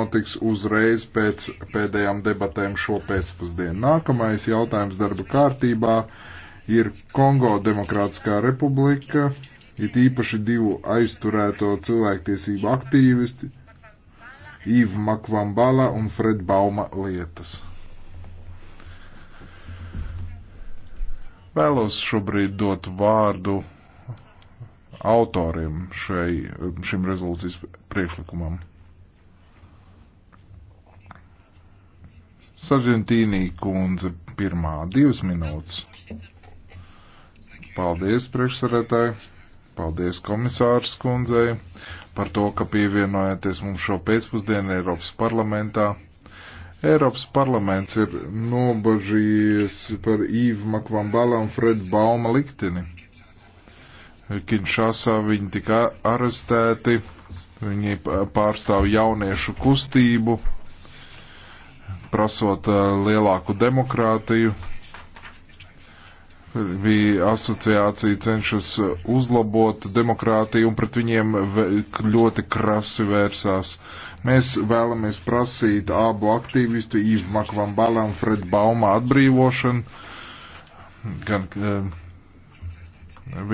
notiks uzreiz pēc pēdējām debatēm šo pēcpusdienu. Nākamais jautājums darba kārtībā ir Kongo Demokrātiskā republika, it īpaši divu aizturēto cilvēktiesību aktīvisti Īva Makvambala un Fred Bauma lietas. Vēlos šobrīd dot vārdu autoriem šai, šim rezolūcijas priekšlikumam. Sargentīnī kundze pirmā, divas minūtes. Paldies, priekšsarētāji. Paldies komisārs kundzei par to, ka pievienojaties mums šo pēcpusdienu Eiropas parlamentā. Eiropas parlaments ir nobažījies par Īvu Makvambala un Fred Bauma likteni. Kinšasā viņi tika arestēti, viņi pārstāv jauniešu kustību prasot eh, lielāku demokrātiju. Bija asociācija cenšas uzlabot demokrātiju un pret viņiem ļoti krasi vērsās. Mēs vēlamies prasīt abu aktīvistu Īvu Makvambala un Fred Bauma atbrīvošanu. Gan eh,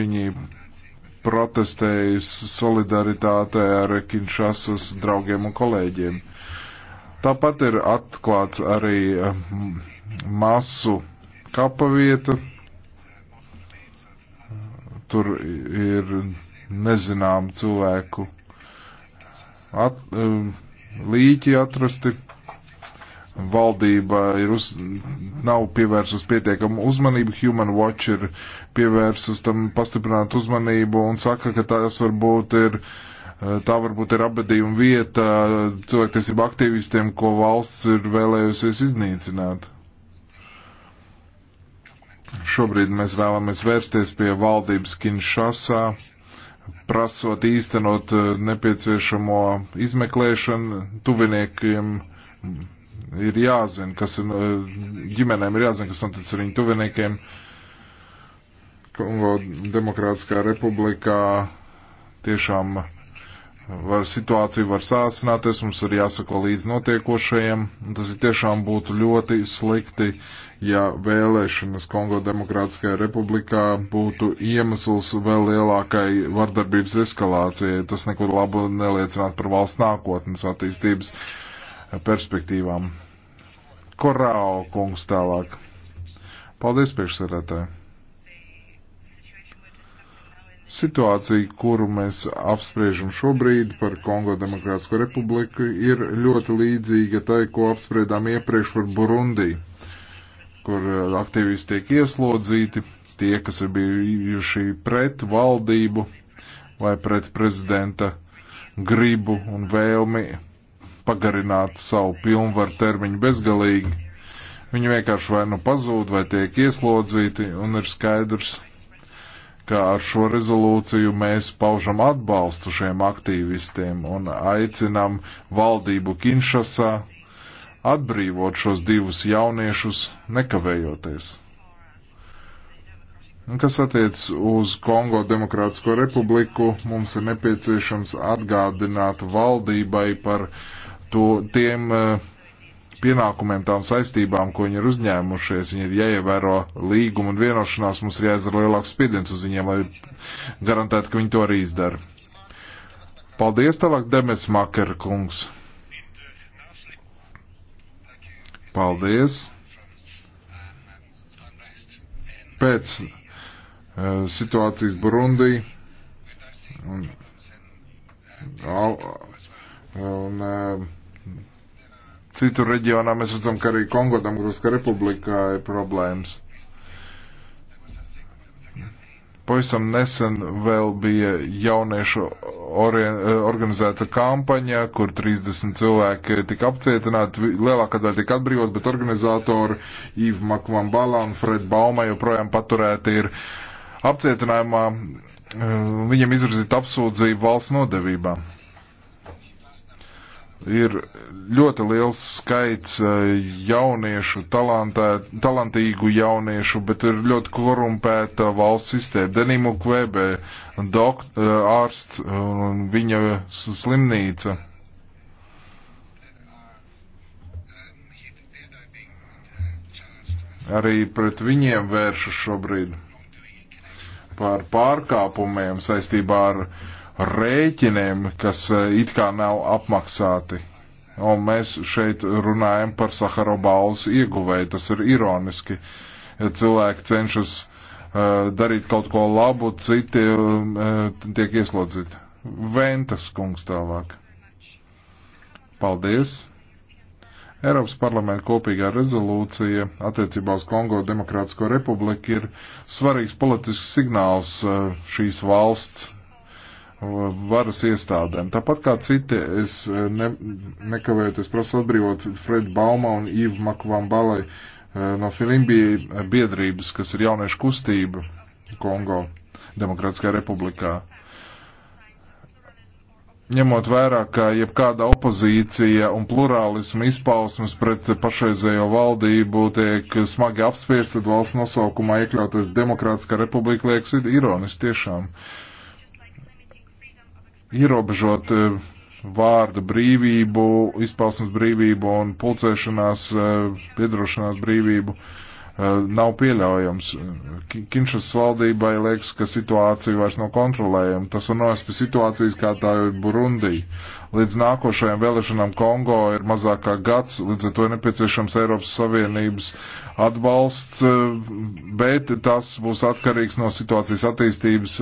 viņi protestēja solidaritātē ar Kinšasas draugiem un kolēģiem. Tāpat ir atklāts arī eh, masu kapavieta. Tur ir nezinām cilvēku at, eh, līķi atrasti. Valdība ir uz, nav pievērsus pietiekamu uzmanību, Human Watch ir pievērsus tam pastiprinātu uzmanību un saka, ka tās varbūt ir uh, Eh, tā varbūt ir apbedījuma vieta cilvēktiesību aktīvistiem, ko valsts ir vēlējusies iznīcināt. Šobrīd mēs vēlamies vērsties pie valdības Kinšasā, prasot īstenot eh, nepieciešamo izmeklēšanu tuviniekiem. Ir jāzina, kas ir eh, ģimenēm, ir jāzina, kas notic ar viņu tuviniekiem. Kongo Demokrātiskā republikā tiešām var, situācija var sāsināties, mums ir jāsako līdz notiekošajiem. Tas ir tiešām būtu ļoti slikti, ja vēlēšanas Kongo Demokrātiskajā republikā būtu iemesls vēl lielākai vardarbības eskalācijai. Tas neko labu neliecināt par valsts nākotnes attīstības perspektīvām. Korāo kungs tālāk. Paldies priekšsēdētāji! Situācija, kuru mēs apspriežam šobrīd par Kongo Demokrātisko republiku, ir ļoti līdzīga tai, ko apspriedām iepriekš par Burundi, kur uh, aktīvisti tiek ieslodzīti, tie, kas ir bijuši pret valdību vai pret prezidenta gribu un vēlmi pagarināt savu pilnvaru termiņu bezgalīgi. Viņi vienkārši vai nu pazūd, vai tiek ieslodzīti, un ir skaidrs, ka ar šo rezolūciju mēs paužam atbalstu šiem aktīvistiem un aicinam valdību Kinšasā atbrīvot šos divus jauniešus nekavējoties. Un kas attiec uz Kongo Demokrātisko republiku, mums ir nepieciešams atgādināt valdībai par to, tiem uh, pienākumiem, tām saistībām, ko viņi ir uzņēmušies. Viņi ir jāievēro līgumu un vienošanās, mums ir jāizdara lielāks spiediens uz viņiem, lai garantētu, ka viņi to arī izdara. Paldies tālāk, Demes Maker kungs. Paldies. Pēc uh, situācijas Burundī un, un uh, Citur reģionā mēs redzam, ka arī Kongo Demokrātiskā republikā ir problēmas. Pavisam nesen vēl bija jauniešu orien, organizēta kampaņa, kur 30 cilvēki tika apcietināti, lielākā daļa tika atbrīvot, bet organizatori Īva Makvambala un Fred Bauma joprojām paturēti ir apcietinājumā. Eh, Viņam izrazīta apsūdzība valsts nodevībām ir ļoti liels skaits jauniešu, talantē, talantīgu jauniešu, bet ir ļoti korumpēta valsts sistēma. Denimu Kvebē, dok, ārsts un viņa slimnīca. Arī pret viņiem vēršas šobrīd par pārkāpumiem saistībā ar uh, rēķiniem, kas eh, it kā nav apmaksāti. Un mēs šeit runājam par Sahara balvas ieguvēju. Tas ir ironiski. Ja cilvēki cenšas uh, darīt kaut ko labu, citi uh, tiek ieslodzīti. Ventas kungs tālāk. Paldies! Eiropas parlamenta kopīgā rezolūcija attiecībā uz Kongo Demokrātisko republiku ir svarīgs politisks signāls šīs valsts varas iestādēm. Tāpat kā citi, es eh, ne, nekavējoties prasu atbrīvot Fred Bauma un Īvu Makvambalai eh, no Filimbija biedrības, kas ir jauniešu kustība Kongo Demokrātiskajā republikā. Ņemot vērā, ka jebkāda opozīcija un plurālismu izpausmes pret pašreizējo valdību tiek smagi apspiesta, tad valsts nosaukumā iekļautas Demokrātiskā republika liekas ironiski tiešām. Uh, ierobežot eh, vārdu brīvību, izpausmes brīvību un pulcēšanās, eh, piedrošanās brīvību eh, nav pieļaujams. Kinšas valdībai liekas, ka situācija vairs nav kontrolējama. Tas var novest pie situācijas, kā tā ir Burundī. Līdz nākošajām vēlēšanām Kongo ir mazākā gads, līdz ar to ir nepieciešams Eiropas Savienības atbalsts, bet tas būs atkarīgs no situācijas attīstības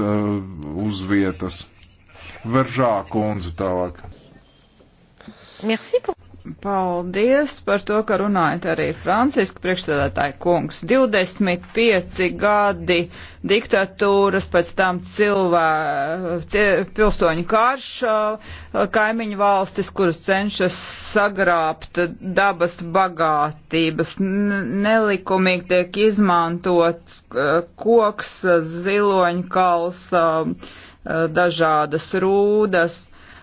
uz vietas. Veržā kundze tālāk. Merci. Paldies par to, ka runājat arī Franciska priekšstādātāja kungs. 25 gadi diktatūras, pēc tam cilvē, cie, pilsoņu karš, kaimiņu valstis, kuras cenšas sagrābt dabas bagātības. Nelikumīgi tiek izmantots koks, ziloņkals Eh, dažādas rūdas,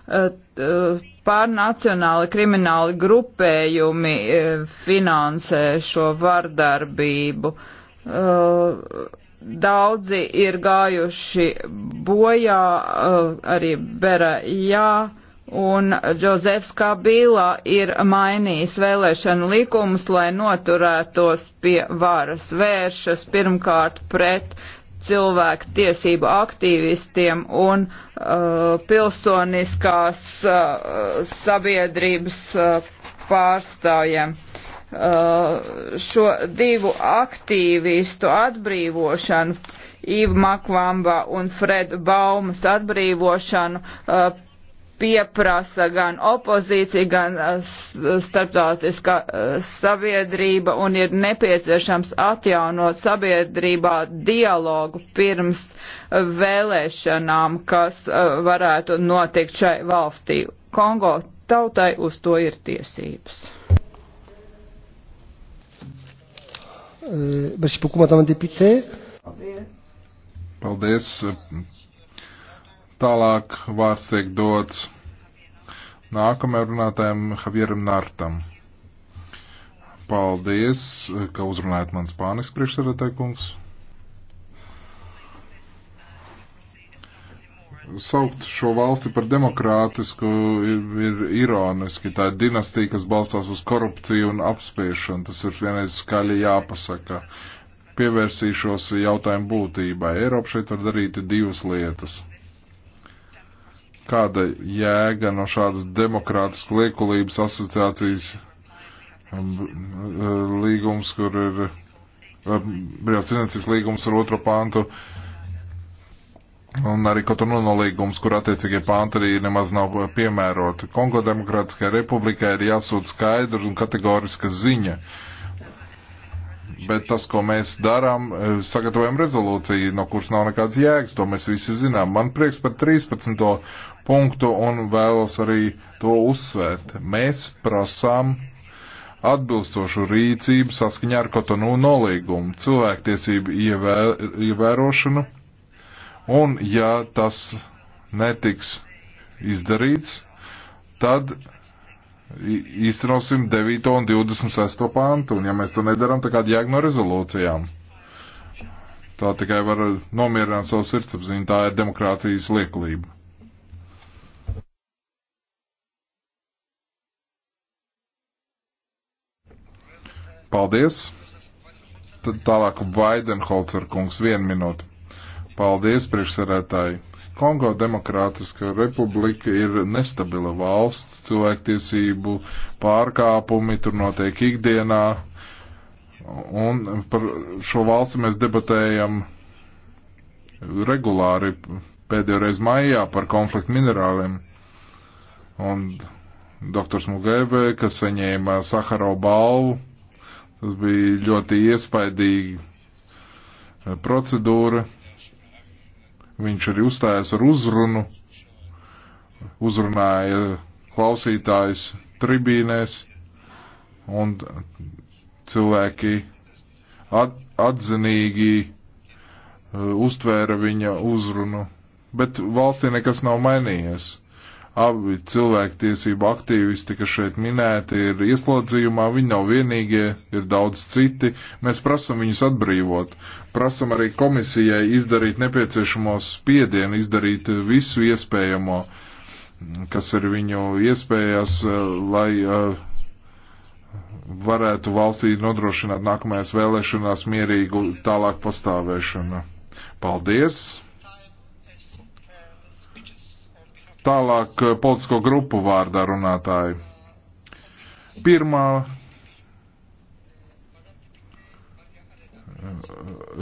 eh, eh, pārnacionāli krimināli grupējumi finansē šo vardarbību. Daudzi ir gājuši bojā, arī Berajā, un Džozefs Kabīlā ir mainījis vēlēšanu likumus, lai noturētos pie varas vēršas pirmkārt pret uh, cilvēku tiesību aktīvistiem un uh, pilsoniskās uh, sabiedrības uh, pārstāvjiem. Uh, šo divu aktīvistu atbrīvošanu, Īva Makvamba un Freda Baumas atbrīvošanu, uh, pieprasa gan opozīcija, gan uh, starptautiskā uh, sabiedrība un ir nepieciešams atjaunot sabiedrībā dialogu pirms uh, vēlēšanām, kas varētu notikt šai valstī. Kongo tautai uz to ir tiesības. Eh, Paldies. Paldies Tālāk vārds tiek dots nākamajam runātājam Javieram Nartam. Paldies, ka uzrunājat man spāniski priekšsēdētāj kungs. saukt šo valsti par demokrātisku ir, ir ironiski. Tā ir dinastija, kas balstās uz korupciju un apspiešanu. Tas ir vienreiz skaļi jāpasaka. Pievērsīšos jautājumu būtībai. Eiropa šeit var darīt divas lietas. Kāda jēga no šādas demokrātiskas liekulības asociācijas um, līgums, kur ir um, brīvās cilvēcības līgums ar otro pāntu, un arī Kotonu nolīgums, kur attiecīgie pānti arī nemaz nav piemēroti. Kongo Demokrātiskajai republikai ir jāsūt skaidra un kategoriska ziņa. Uh, bet tas, ko mēs darām, e, sagatavojam rezolūciju, no kuras nav nekāds jēgas, to mēs visi zinām. Man prieks par 13. punktu un vēlos arī to uzsvērt. Mēs prasām atbilstošu rīcību saskaņā ar Kotonu nolīgumu, cilvēktiesību ievē, ievērošanu, un ja tas netiks izdarīts, tad īstenosim 9. un 26. pantu, un ja mēs to nedaram, tad kāda jēga no rezolūcijām? Tā tikai var nomierināt savu sirdsapziņu, tā ir demokrātijas lieklība. Paldies! Tad tālāk Vaidenholzer kungs, vienu minūtu. Paldies, priekšsarētāji! Kongo Demokrātiska republika ir nestabila valsts, cilvēktiesību pārkāpumi tur notiek ikdienā. Un par šo valsti mēs debatējam regulāri pēdējo reizi maijā par konfliktu minerāliem. Un doktors Mugēbe, kas saņēma Saharo balvu, tas bija ļoti iespaidīgi procedūra. Viņš arī uzstājās ar uzrunu, uzrunāja klausītājs tribīnēs, un cilvēki at, atzinīgi uh, uztvēra viņa uzrunu. Bet valstī nekas nav mainījies. Abi cilvēktiesību aktīvisti, kas šeit minēti, ir ieslodzījumā, viņi nav vienīgie, ir daudz citi. Mēs prasam viņus atbrīvot. Prasam arī komisijai izdarīt nepieciešamos spiedienu, izdarīt visu iespējamo, kas ir viņu iespējās, eh, lai uh, varētu valstī nodrošināt nākamajās vēlēšanās mierīgu tālāk pastāvēšanu. Paldies! Tālāk eh, politisko grupu vārdā runātāji. Pirmā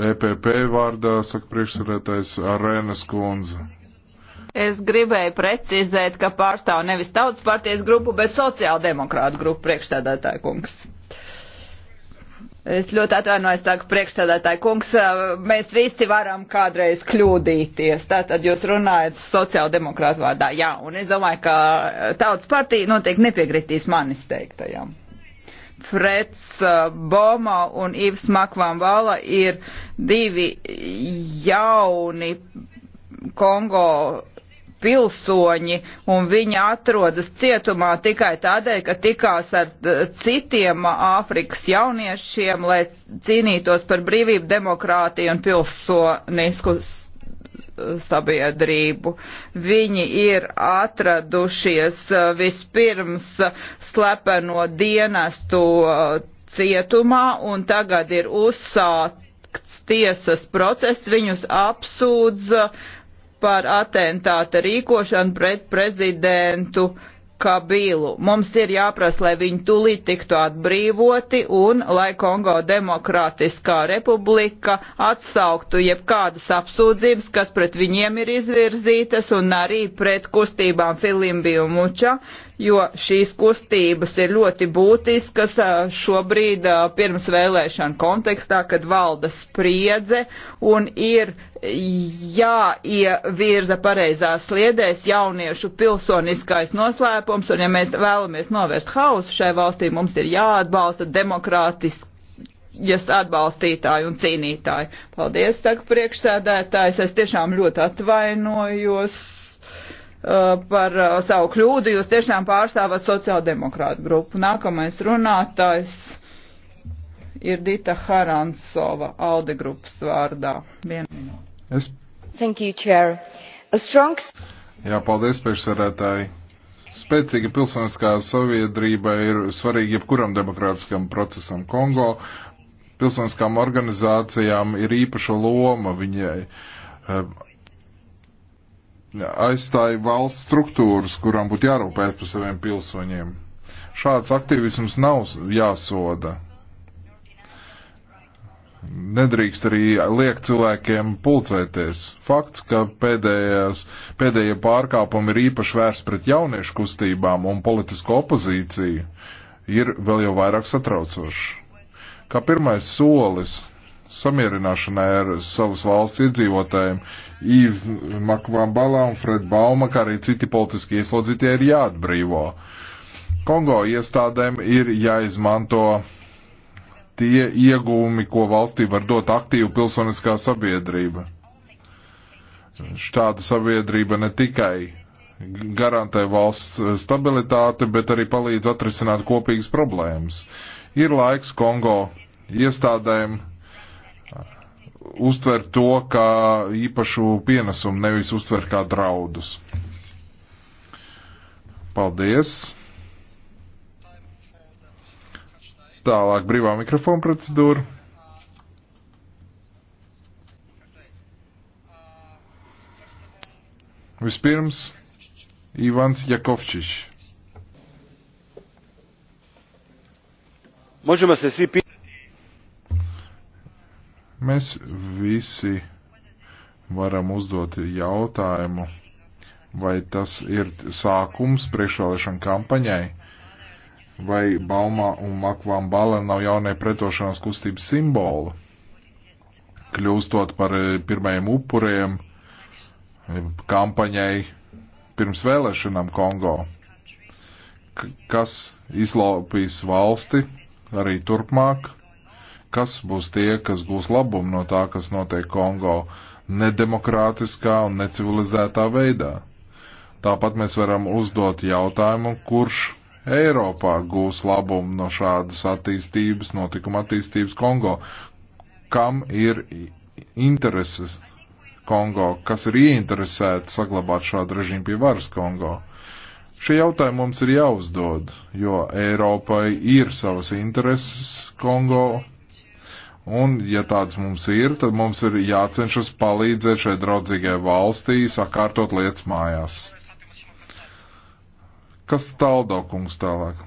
EPP eh, e vārdā saka priekšsarētais Arēnas kundze. Es gribēju precizēt, ka pārstāv nevis tautas partijas grupu, bet sociāldemokrātu grupu priekšsēdētāju kungs. Es ļoti atvainojos, tā, ka priekšsēdētāji kungs, mēs visi varam kādreiz kļūdīties. Tātad jūs runājat sociāldemokrātu vārdā, jā, un es domāju, ka tautas partija noteikti nepiekritīs manis teiktajam. Freds Boma un Ivs Makvamvala ir divi jauni Kongo pilsoņi, un viņi atrodas cietumā tikai tādēļ, ka tikās ar citiem Āfrikas jauniešiem, lai cīnītos par brīvību, demokrātiju un pilsonisku sabiedrību. Viņi ir atradušies e, vispirms slepeno dienestu e, cietumā, un tagad ir uzsākts tiesas process, viņus apsūdza uh, par atentāta rīkošanu pret prezidentu Kabilu. Mums ir jāprasa, lai viņi tūlīt tiktu atbrīvoti un lai Kongo Demokrātiskā republika atsauktu jebkādas apsūdzības, kas pret viņiem ir izvirzītas un arī pret kustībām Filimbiju Muča, jo šīs kustības ir ļoti būtiskas šobrīd pirms vēlēšana kontekstā, kad valda spriedze un ir jāievirza pareizās sliedēs jauniešu pilsoniskais noslēpums, un ja mēs vēlamies novērst hausu šai valstī, mums ir jāatbalsta demokrātiski jas atbalstītāji un cīnītāji. Paldies, saka priekšsēdētājs, es tiešām ļoti atvainojos Uh, par uh, savu kļūdu. Jūs tiešām pārstāvat sociāldemokrātu grupu. Nākamais runātājs ir Dita Haransova, Alde grupas vārdā. Vienu minūti. Es... Thank you, Chair. A strong... Jā, paldies, priekšsarētāji. Spēcīga pilsoniskā saviedrība ir svarīga jebkuram demokrātiskam procesam Kongo. Pilsoniskām organizācijām ir īpaša loma viņai eh, aizstāja valsts struktūras, kurām būtu jārūpēt par saviem pilsoņiem. Šāds aktivisms nav jāsoda. Nedrīkst arī liekt cilvēkiem pulcēties. Fakts, ka pēdējās, pēdējie pārkāpumi ir īpaši vērsts pret jauniešu kustībām un politisko opozīciju, ir vēl jau vairāk satraucoši. Kā pirmais solis samierināšanai ar savas valsts iedzīvotājiem. Īv Makvambalā un Fred Bauma, kā arī citi politiski ieslodzītie, ir jāatbrīvo. Kongo iestādēm ir jāizmanto tie iegūmi, ko valstī var dot aktīva pilsoniskā sabiedrība. Šāda sabiedrība ne tikai garantē valsts stabilitāti, bet arī palīdz atrisināt kopīgas problēmas. Ir laiks Kongo iestādēm uztver to kā īpašu pienesumu, nevis uztver kā draudus. Paldies! Tālāk brīvā mikrofona procedūra. Vispirms Ivans Jakovčiš. Možemo se svi pitati Mēs visi varam uzdot jautājumu, vai tas ir sākums priekšvēlēšana kampaņai, vai Baumā un Makvām Bala nav jaunie pretošanās kustības simboli, kļūstot par eh, pirmajiem upuriem eh, kampaņai pirms vēlēšanām Kongo, kas izlaupīs valsti arī turpmāk kas būs tie, kas gūs labumu no tā, kas notiek Kongo nedemokrātiskā un necivilizētā veidā. Tāpat mēs varam uzdot jautājumu, kurš Eiropā gūs labumu no šādas attīstības, notikuma attīstības Kongo, kam ir intereses Kongo, kas ir ieinteresēti saglabāt šādu režīmu pie varas Kongo. Šie jautājumi mums ir jāuzdod, jo Eiropai ir savas intereses Kongo Un, ja tāds mums ir, tad mums ir jācenšas palīdzēt šai draudzīgai valstī sakārtot lietas mājās. Kas taldo, kungs, tālāk?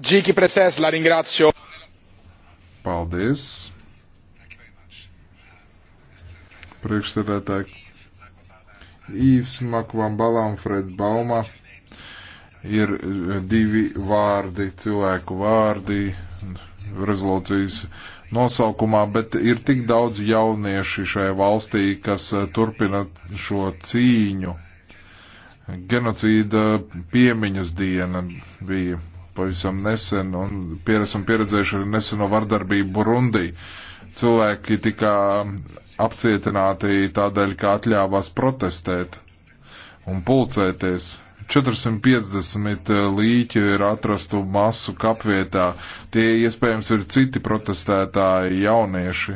Džiki presēs, la ringrācio. Paldies. Priekšsēdētāji. Īvs Makvam Balam Fred Bauma ir eh, divi vārdi, cilvēku vārdi rezolūcijas nosaukumā, bet ir tik daudz jaunieši šajā valstī, kas eh, turpina šo cīņu. Genocīda piemiņas diena bija pavisam nesen, un esam pieredzējuši neseno vardarbību Burundī. Cilvēki tika apcietināti tādēļ, ka atļāvās protestēt un pulcēties 450 eh, līķu ir atrastu masu kapvietā. Tie iespējams ir citi protestētāji jaunieši.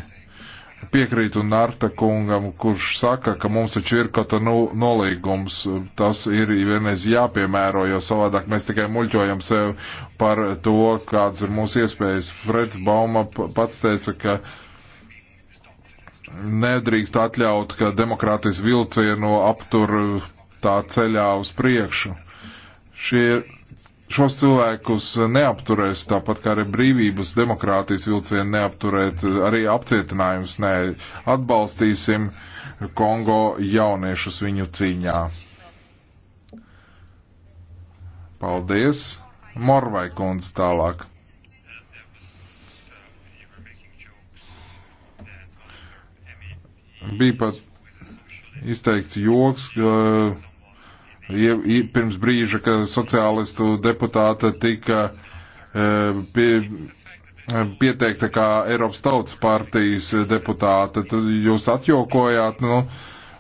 Piekrītu Narta kungam, kurš saka, ka mums taču ir kaut kā nu, nolīgums. Tas ir vienreiz jāpiemēro, jo savādāk mēs tikai muļķojam sev par to, kāds ir mūsu iespējas. Freds Bauma pats teica, ka nedrīkst atļaut, ka demokrātijas vilcienu aptur tā ceļā uz priekšu. Šie, šos cilvēkus neapturēs, tāpat kā arī brīvības, demokrātijas vilcienu neapturēt, arī apcietinājums nē. Atbalstīsim Kongo jauniešus viņu cīņā. Paldies! Morvai kundze tālāk. Bija pat izteikts joks, ka pirms brīža, ka sociālistu deputāte tika e, pie, e, pieteikta kā Eiropas Tautas partijas deputāte, tad jūs atjokojāt, nu,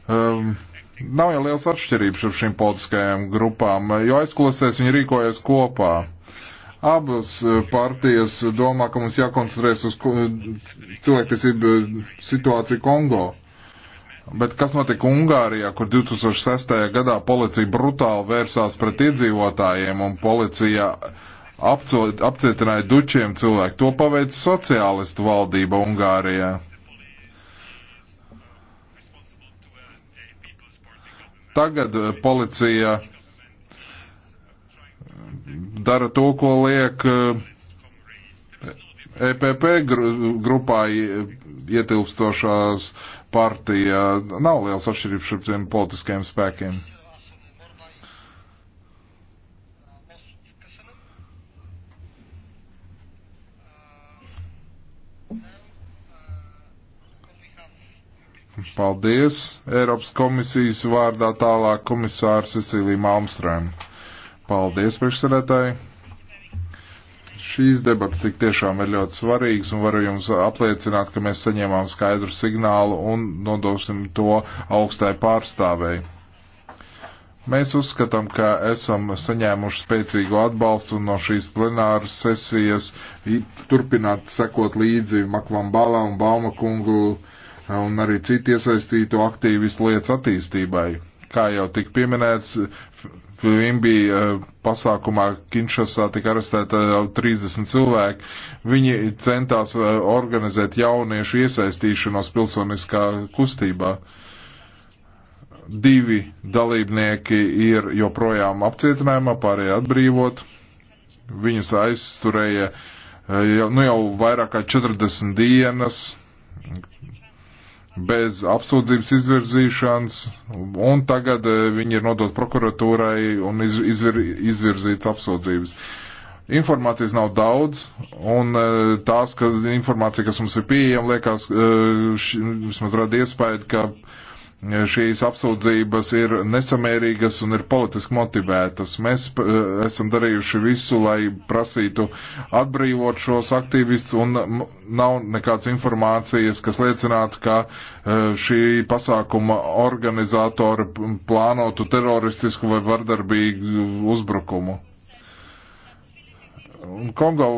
um, nav jau liels atšķirības ar šīm politiskajām grupām, jo aizkulisēs viņi rīkojas kopā. Abas e, partijas domā, ka mums jākoncentrēs uz cilvēktiesību situāciju Kongo. Bet kas notika Ungārijā, kur 2006. gadā policija brutāli vērsās pret iedzīvotājiem un policija apco, apcietināja dučiem cilvēku? To paveica sociālistu valdība Ungārijā. Tagad eh, policija eh, dara to, ko liek EPP eh, e grupā ietilpstošās partija. Nav liels atšķirības starp tiem politiskajiem spēkiem. Paldies! Eiropas komisijas vārdā tālāk komisāra Cecīlija Malmstrēm. Paldies, priekšsēdētāji! Šīs debatas tik tiešām ir ļoti svarīgas un varu jums apliecināt, ka mēs saņēmām skaidru signālu un nodosim to augstai pārstāvēji. Mēs uzskatām, ka esam saņēmuši spēcīgu atbalstu no šīs plenāras sesijas, turpināt sekot līdzi Maklam Balam, Bauma kungu un arī citu iesaistītu aktīvistu lietas attīstībai kā jau tika pieminēts, Flimbi eh, pasākumā Kinšasā tika arestēta 30 cilvēki. Viņi centās eh, organizēt jauniešu iesaistīšanos pilsoniskā kustībā. Divi dalībnieki ir joprojām apcietinājumā, pārējie atbrīvot. Viņus aizturēja eh, nu, jau vairāk kā 40 dienas bez apsūdzības izvirzīšanas, un tagad eh, viņi ir nodot prokuratūrai un izvir, izvirzīts apsūdzības. Informācijas nav daudz, un eh, tās, ka informācija, kas mums ir pieejama, liekas, eh, vismaz rada iespēju, ka šīs apsūdzības ir nesamērīgas un ir politiski motivētas. Mēs eh, esam darījuši visu, lai prasītu atbrīvot šos aktīvistus, un nav nekādas informācijas, kas liecinātu, ka eh, šī pasākuma organizatori plānotu teroristisku vai vardarbīgu uzbrukumu un Kongo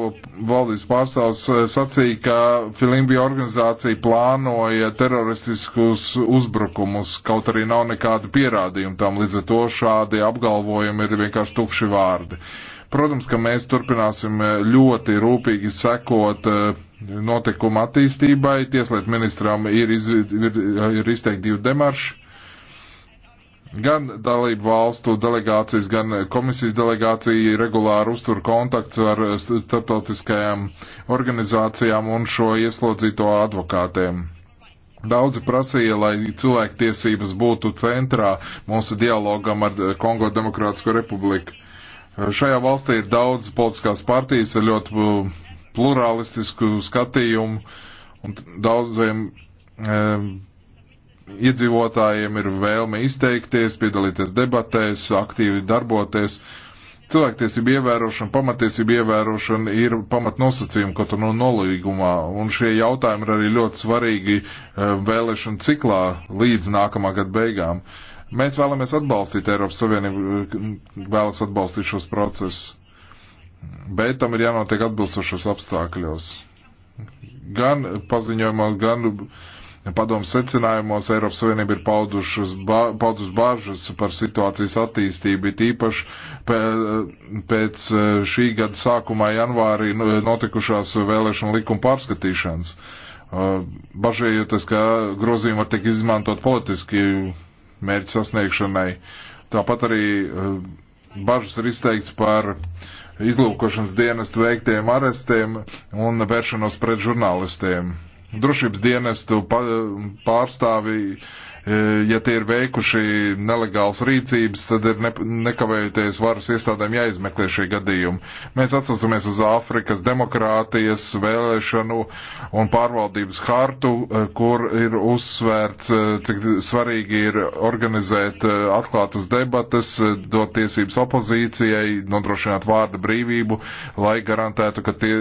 valdības pārstāvs eh, sacīja, ka Filimbija organizācija plānoja teroristiskus uzbrukumus, kaut arī nav nekādu pierādījumu tam, līdz ar to šādi apgalvojumi ir vienkārši tukši vārdi. Protams, ka mēs turpināsim eh, ļoti rūpīgi sekot eh, notikuma attīstībai. Tieslietu ministram ir, iz, ir, ir izteikti divi demarši Gan dalību valstu delegācijas, gan komisijas delegācija regulāri uztur kontakts ar starptautiskajām organizācijām un šo ieslodzīto advokātiem. Daudzi prasīja, lai cilvēktiesības būtu centrā mūsu dialogam ar Kongo Demokrātisko republiku. Šajā valstī ir daudz politiskās partijas ar ļoti pluralistisku skatījumu un daudziem. E, iedzīvotājiem ir vēlme izteikties, piedalīties debatēs, aktīvi darboties. Cilvēktiesība ievērošana, pamatiesība ievērošana ir pamatnosacījumi, ko tur no nu nolīgumā, un šie jautājumi ir arī ļoti svarīgi eh, vēlēšana ciklā līdz nākamā gada beigām. Mēs vēlamies atbalstīt Eiropas Savienību, eh, vēlas atbalstīt šos procesus, bet tam ir jānotiek atbilstošos apstākļos. Gan paziņojumos, gan uh, Padomu secinājumos Eiropas Savienība ir paudušas, ba, paudus bāžas par situācijas attīstību, it īpaši pēc e, šī gada sākumā janvārī notikušās vēlēšana likuma pārskatīšanas. E, bažējoties, ka grozījumi var tiek izmantot politiski mērķu sasniegšanai. Tāpat arī e, bažas ir izteikts par izlūkošanas dienestu veiktiem arestiem un vēršanos pret žurnālistiem drošības dienestu pārstāvi, e, ja tie ir veikuši nelegāls rīcības, tad ir ne, nekavējoties varas iestādēm jāizmeklē šie gadījumi. Mēs atsaucamies uz Āfrikas demokrātijas vēlēšanu un pārvaldības hartu, e, kur ir uzsvērts, e, cik svarīgi ir organizēt atklātas debatas, dot tiesības opozīcijai, nodrošināt vārda brīvību, lai garantētu, ka tie,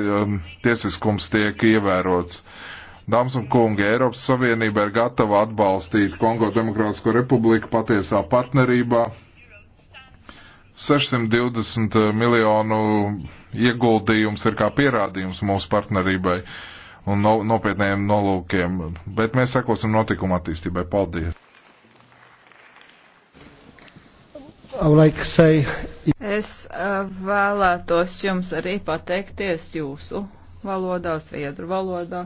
tiesiskums tiek ievērots. Uh, Dāmas un kungi, Eiropas Savienība ir gatava atbalstīt Kongo Demokrātisko republiku patiesā partnerībā. 620 miljonu ieguldījums ir kā pierādījums mūsu partnerībai un no, nopietniem nolūkiem, bet mēs sekosim notikuma attīstībai. Paldies! Like say... Es uh, vēlētos jums arī pateikties jūsu valodā, sviedru valodā.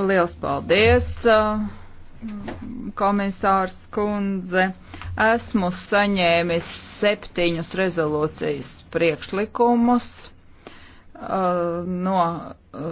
Liels paldies, uh, komisārs kundze. Esmu saņēmis septiņus rezolūcijas priekšlikumus uh, no